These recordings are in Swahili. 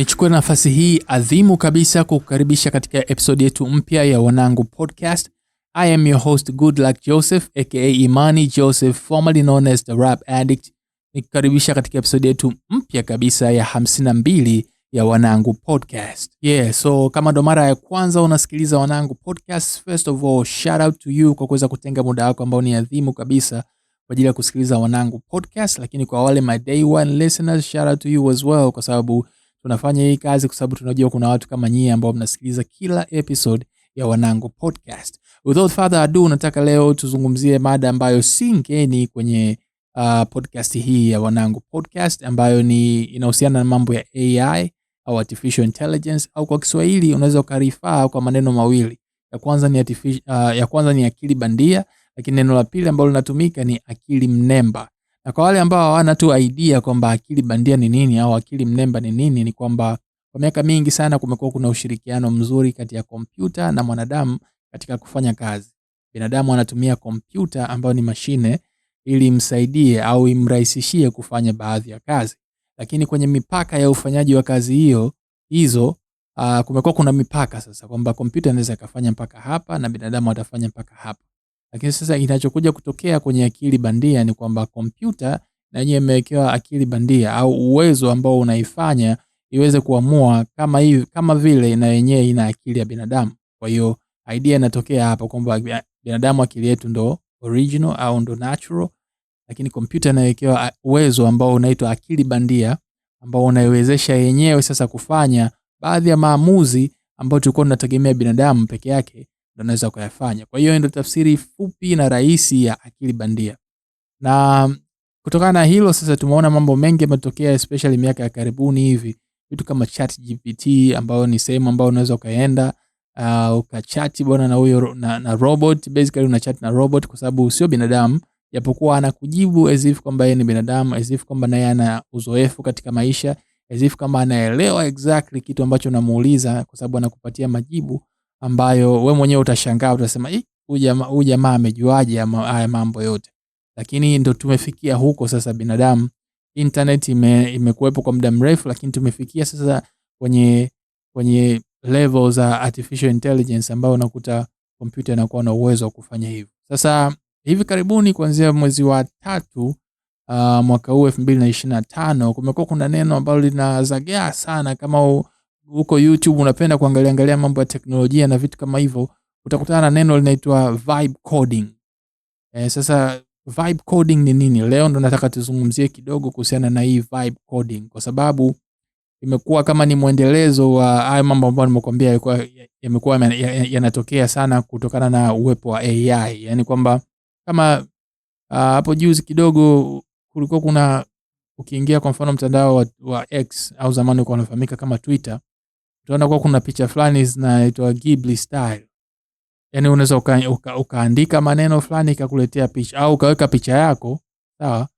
Nichukue nafasi hii adhimu kabisa kukukaribisha katika episodi yetu mpya ya Wanangu Podcast. I am your host Goodluck Joseph aka Imani Joseph, formerly known as the Rap Addict, nikukaribisha katika episodi yetu mpya kabisa ya 52 ya Wanangu Podcast. Yeah, so kama ndo mara ya kwanza unasikiliza Wanangu Podcast, first of all shout out to you kwa kuweza kutenga muda wako ambao ni adhimu kabisa kwa ajili ya kusikiliza Wanangu Podcast, lakini kwa wale my day one listeners, shout out to you as well kwa sababu tunafanya hii kazi kwa sababu tunajua kuna watu kama nyie ambao mnasikiliza kila episode ya Wanangu Podcast. Without further ado, nataka leo tuzungumzie mada ambayo si ngeni kwenye uh, podcast hii ya Wanangu Podcast ambayo ni inahusiana na mambo ya AI au artificial intelligence au kwa Kiswahili unaweza ukarifaa kwa maneno mawili. Ya kwanza ni artificial, uh, ya kwanza ni akili bandia, lakini neno la pili ambalo linatumika ni akili mnemba. Na kwa wale ambao hawana tu idea kwamba akili bandia ni nini au akili mnemba ni nini, ni kwamba kwa miaka mingi sana kumekuwa kuna ushirikiano mzuri kati ya kompyuta na mwanadamu katika kufanya kazi. Binadamu anatumia kompyuta ambayo ni mashine ili imsaidie au imrahisishie kufanya baadhi ya kazi, lakini kwenye mipaka ya ufanyaji wa kazi hiyo hizo uh, kumekuwa kuna mipaka sasa, kwamba kompyuta inaweza ikafanya mpaka hapa na binadamu atafanya mpaka hapa. Lakini sasa inachokuja kutokea kwenye akili bandia ni kwamba kompyuta na yeye imewekewa akili bandia au uwezo ambao unaifanya iweze kuamua kama hivi, kama vile na yenyewe ina akili ya binadamu. Kwa hiyo idea inatokea hapa kwamba binadamu akili yetu ndo original au ndo natural, lakini kompyuta inawekewa uwezo ambao unaitwa akili bandia ambao unaiwezesha yenyewe sasa kufanya baadhi ya maamuzi ambayo tulikuwa tunategemea binadamu peke yake ndo naweza kuyafanya. Kwa hiyo ndio tafsiri fupi na rahisi ya akili bandia. Na mm, kutokana na hilo sasa tumeona mambo mengi yametokea especially miaka ya karibuni hivi, vitu kama Chat GPT ambayo ni sehemu ambayo unaweza ukaenda uh, ukachati bwana na huyo na, na robot basically una chat na robot kwa sababu sio binadamu, japokuwa anakujibu as if kwamba yeye ni binadamu, as if kwamba naye ana uzoefu katika maisha, as if kama anaelewa exactly kitu ambacho unamuuliza, kwa sababu anakupatia majibu ambayo we mwenyewe utashangaa, utasema huyu jamaa amejuaje haya mambo yote, lakini ndo tumefikia huko sasa. Binadamu, internet ime, imekuwepo kwa muda mrefu, lakini tumefikia sasa kwenye kwenye level za artificial intelligence ambayo unakuta kompyuta inakuwa na uwezo wa kufanya hivyo. Sasa hivi karibuni kuanzia mwezi wa tatu uh, mwaka huu elfu mbili na na tano kumekuwa kuna neno ambalo linazagea sana kama u, huko YouTube unapenda kuangalia angalia mambo ya teknolojia na vitu kama hivyo, utakutana na neno linaitwa vibe coding. Eh, sasa vibe coding ni nini? Leo ndo nataka tuzungumzie kidogo kuhusiana na hii vibe coding, kwa sababu imekuwa kama ni mwendelezo wa hayo mambo ambayo nimekuambia yalikuwa yamekuwa yanatokea sana kutokana na uwepo wa AI, yani kwamba kama ah, hapo uh, juzi kidogo kulikuwa kuna ukiingia kwa mfano mtandao wa, wa X au zamani ulikuwa unafahamika kama Twitter, utaona kuwa kuna picha fulani zinaitwa Ghibli style, yani unaweza uka, uka, ukaandika maneno fulani ikakuletea picha au ukaweka picha yako sawa,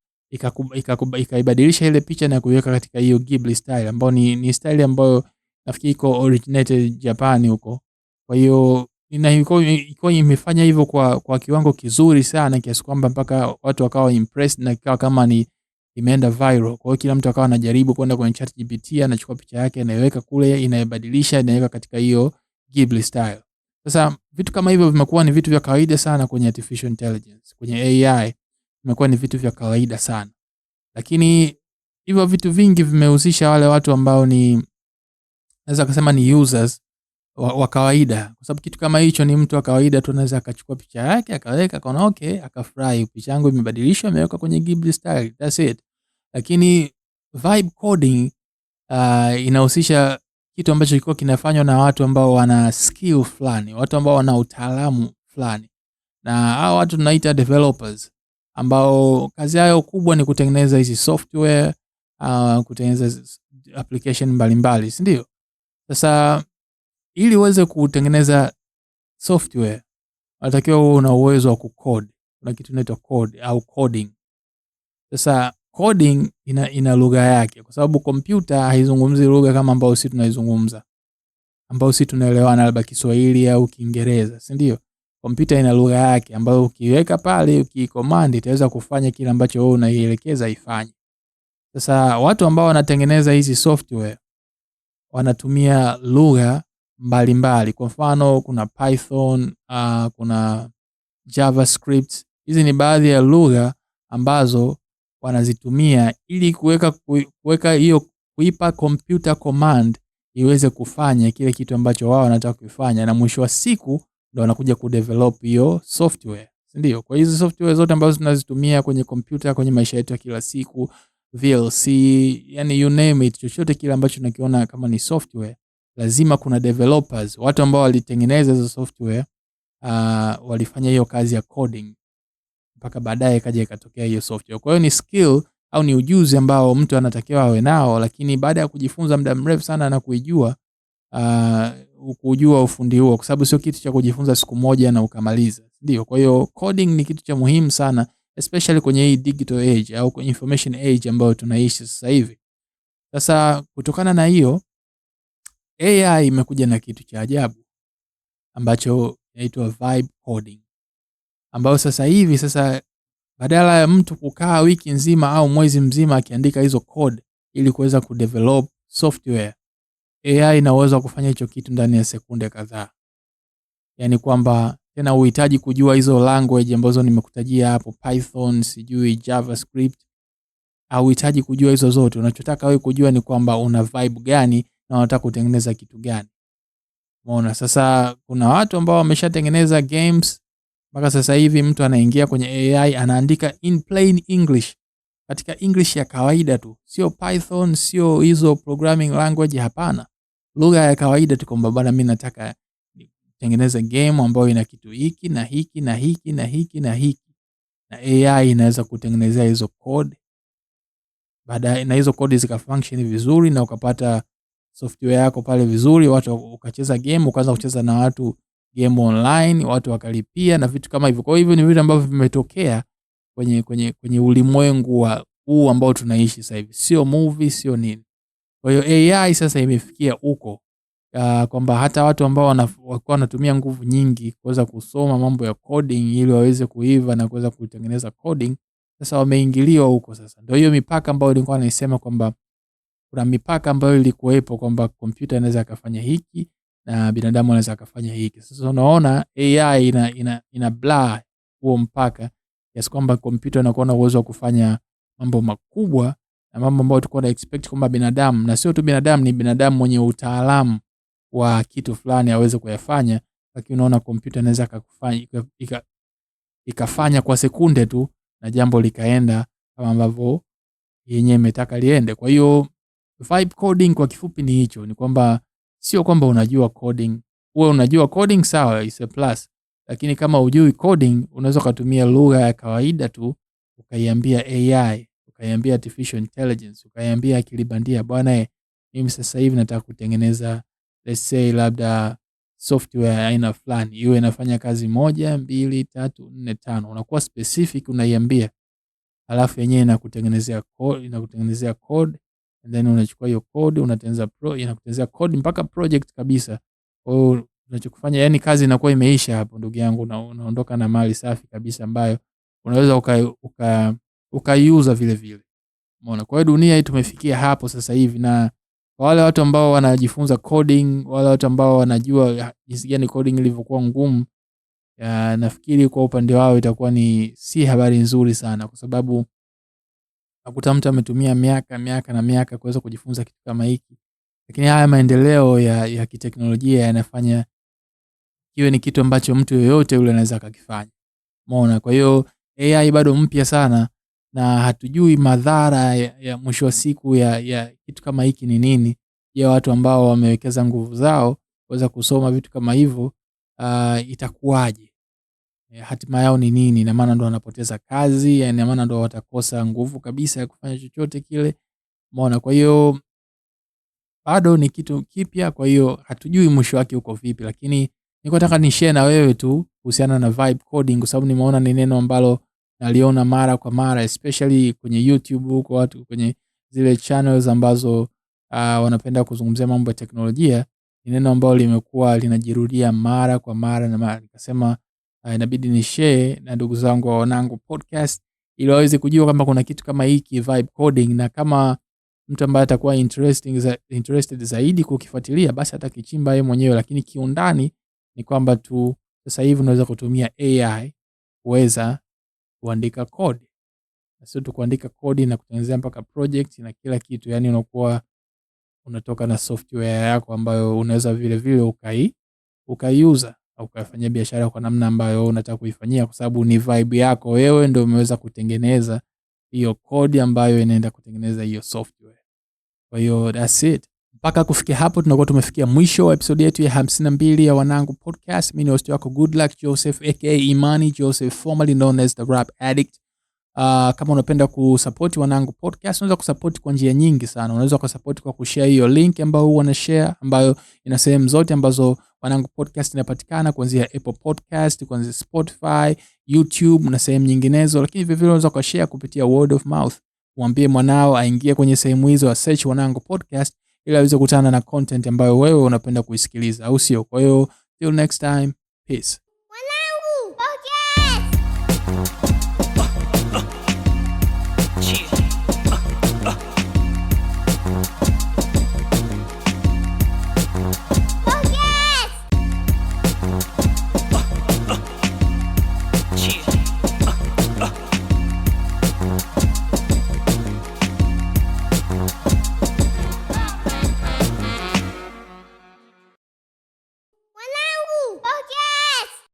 ikaibadilisha ile picha na kuiweka katika hiyo Ghibli style ambayo ni, ni style ambayo nafikiri iko originated Japan huko. Kwa hiyo iko imefanya hivyo kwa, kwa kiwango kizuri sana kiasi kwamba mpaka watu wakawa impressed na kikawa kama ni imeenda viral. Kwa hiyo kila mtu akawa anajaribu kwenda kwenye ChatGPT, anachukua picha yake, anaiweka kule, inaibadilisha, inaweka katika hiyo Ghibli style. Sasa vitu kama hivyo vimekuwa ni vitu vya kawaida sana kwenye artificial intelligence, kwenye AI vimekuwa ni vitu vya kawaida sana, lakini hivyo vitu vingi vimehusisha wale watu ambao ni naweza kusema ni users wa, wa kawaida, kwa sababu kitu kama hicho ni mtu wa kawaida tu anaweza akachukua picha yake akaweka akaona okay, akafurahi, picha yangu imebadilishwa imewekwa kwenye Ghibli style, that's it. Lakini vibe coding uh, inahusisha kitu ambacho kilikuwa kinafanywa na watu ambao wana skill fulani, watu ambao wana utaalamu fulani, na hao watu tunaita developers, ambao kazi yao kubwa ni kutengeneza hizi software uh, kutengeneza application mbalimbali, si ndio? Sasa mbali ili uweze kutengeneza software unatakiwa uwe una uwezo wa kucode. Kuna kitu inaitwa code au coding. Sasa coding ina, ina lugha yake, kwa sababu kompyuta haizungumzi lugha kama ambayo sisi tunaizungumza, ambayo sisi tunaelewana, labda Kiswahili au Kiingereza, si ndio? Kompyuta ina lugha yake ambayo ukiweka pale, ukikomandi, itaweza kufanya kile ambacho wewe unaielekeza ifanye. Sasa watu ambao wanatengeneza hizi software wanatumia lugha mbalimbali. Kwa mfano kuna Python, uh, kuna JavaScript. Hizi ni baadhi ya lugha ambazo wanazitumia ili kuweka kuweka hiyo kuipa computer command iweze kufanya kile kitu ambacho wao wanataka kufanya, na mwisho wa siku ndo wanakuja kudevelop hiyo software, si ndio? Kwa hizo software zote ambazo tunazitumia kwenye kompyuta, kwenye maisha yetu ya kila siku, VLC, yani you name it, chochote kile ambacho tunakiona kama ni software lazima kuna developers, watu ambao walitengeneza hizo software uh, walifanya hiyo kazi ya coding mpaka baadaye kaja ikatokea hiyo software. Kwa hiyo ni skill au ni ujuzi ambao mtu anatakiwa awe nao, lakini baada ya kujifunza muda mrefu sana na kuijua uh, kujua ufundi huo, kwa sababu sio kitu cha kujifunza siku moja na ukamaliza, ndio. Kwa hiyo coding ni kitu cha muhimu sana especially kwenye hii digital age au kwenye information age ambayo tunaishi sasa hivi. Sasa kutokana na hiyo AI imekuja na kitu cha ajabu ambacho inaitwa vibe coding, ambayo sasa hivi sasa badala ya mtu kukaa wiki nzima au mwezi mzima akiandika hizo code ili kuweza kudevelop software, AI inaweza kufanya hicho kitu ndani ya sekunde kadhaa. yani kwamba tena uhitaji kujua hizo language ambazo nimekutajia hapo, Python, sijui JavaScript, uhitaji kujua hizo zote. Unachotaka wewe kujua ni kwamba una vibe gani na wanataka kutengeneza kitu gani. Umeona, sasa kuna watu ambao wameshatengeneza games mpaka sasa hivi, mtu anaingia kwenye AI anaandika in plain English, katika English ya kawaida tu, sio Python, sio hizo programming language, hapana, lugha ya kawaida tu, kwamba bwana, mimi nataka nitengeneze game ambayo ina kitu hiki na hiki na hiki na hiki na hiki, na AI inaweza kutengenezea hizo code baadaye, na hizo code zikafunction vizuri na ukapata software yako pale vizuri, watu ukacheza game, ukaanza kucheza na watu game online, watu wakalipia na vitu kama hivyo. Kwa hivyo ni vitu ambavyo vimetokea kwenye kwenye kwenye ulimwengu wa huu ambao tunaishi sasa hivi, sio movie, sio nini. Kwa hiyo AI sasa imefikia huko uh, kwamba hata watu ambao walikuwa wanatumia nguvu nyingi kuweza kusoma mambo ya coding ili waweze kuiva na kuweza kutengeneza coding, sasa wameingiliwa huko. Sasa ndio hiyo mipaka ambayo nilikuwa naisema kwamba kwa kuna mipaka ambayo ilikuwepo kwamba kompyuta inaweza akafanya hiki na binadamu anaweza akafanya hiki. Sasa unaona AI ina, ina, ina bla huo mpaka kiasi kwamba kompyuta inakuwa na uwezo wa kufanya mambo makubwa na mambo ambayo tulikuwa na expect kwamba binadamu, na sio tu binadamu, ni binadamu mwenye utaalamu wa kitu fulani aweze kuyafanya, lakini unaona kompyuta inaweza ika, ikafanya kwa sekunde tu na jambo likaenda kama ambavyo yenyewe imetaka liende. Kwa hiyo Vibe coding kwa kifupi ni hicho, ni kwamba sio kwamba unajua coding. Uwe unajua coding sawa, is a plus, lakini kama ujui coding, unaweza ukatumia lugha ya kawaida tu ukaiambia AI, ukaiambia artificial intelligence, ukaiambia akilibandia bwana, eh, mimi sasa hivi nataka kutengeneza let's say labda software aina fulani iwe inafanya kazi moja mbili tatu nne tano, unakuwa specific unaiambia, alafu yenyewe inakutengenezea code, inakutengenezea code and then unachukua hiyo code unatengeneza pro, inakutengenezea code mpaka project kabisa. Kwa hiyo unachokufanya, yani kazi inakuwa imeisha hapo, ndugu yangu, na unaondoka na mali safi kabisa ambayo unaweza ukaiuza uka, uka vile vile. Umeona? Kwa hiyo dunia hii tumefikia hapo sasa hivi, na kwa wale watu ambao wanajifunza coding, wale watu ambao wanajua jinsi gani coding ilivyokuwa ngumu, ya, nafikiri kwa upande wao itakuwa ni si habari nzuri sana, kwa sababu Nakuta mtu ametumia miaka miaka na miaka kuweza kujifunza kitu kama hiki, lakini haya maendeleo ya, ya kiteknolojia yanafanya kiwe ni kitu ambacho mtu yoyote yule anaweza akakifanya. Umeona? Kwa hiyo AI bado mpya sana na hatujui madhara ya, ya mwisho wa siku ya, ya kitu kama hiki ni nini. ya watu ambao wamewekeza nguvu zao kuweza kusoma vitu kama hivyo uh, itakuwaje? Eh, hatima yao ni nini? na maana ndo wanapoteza kazi, na maana ndo watakosa nguvu kabisa ya kufanya chochote kile. Umeona? Kwa hiyo bado ni kitu kipya, kwa hiyo hatujui mwisho wake uko vipi, lakini niko nataka ni share na wewe tu kuhusiana na vibe coding, kwa sababu nimeona ni neno ambalo naliona mara kwa mara especially kwenye YouTube huko watu kwenye zile channels ambazo uh, wanapenda kuzungumzia mambo ya teknolojia. Ni neno ambalo limekuwa linajirudia mara kwa mara na mara, nikasema uh, inabidi ni share na ndugu zangu wa Wanangu Podcast ili waweze kujua kwamba kuna kitu kama hiki vibe coding, na kama mtu ambaye atakuwa interesting za, interested zaidi kukifuatilia basi kichimba yeye mwenyewe, lakini kiundani ni kwamba tu sasa hivi unaweza kutumia AI kuweza kuandika code na sio tu kuandika code na kutengenezea mpaka project na kila kitu, yani unakuwa unatoka na software yako ambayo unaweza vile vile ukai ukaiuza au kuyafanyia biashara kwa namna ambayo unataka kuifanyia, kwa sababu ni vibe yako wewe, ndio umeweza kutengeneza hiyo kodi ambayo inaenda kutengeneza hiyo software. Kwa hiyo that's it. Mpaka kufikia hapo tunakuwa tumefikia mwisho wa episodi yetu ya mbili ya Wanangu Podcast. Mimi ni host wako Good Luck Joseph aka Imani Joseph formerly known as the Rap Addict. Uh, kama unapenda kusupport Wanangu Podcast, unaweza kusupport kwa njia nyingi sana. Unaweza kusupport kwa kushare hiyo link ambayo huwa na share, ambayo ina sehemu zote ambazo Wanangu Podcast inapatikana, kuanzia Apple Podcast, kuanzia Spotify, YouTube na sehemu nyinginezo. Lakini vivyo vile unaweza kushare kupitia word of mouth, uambie mwanao aingie kwenye sehemu hizo, a search Wanangu Podcast ili aweze kutana na content ambayo wewe unapenda kuisikiliza, au sio? Kwa hiyo till next time, peace.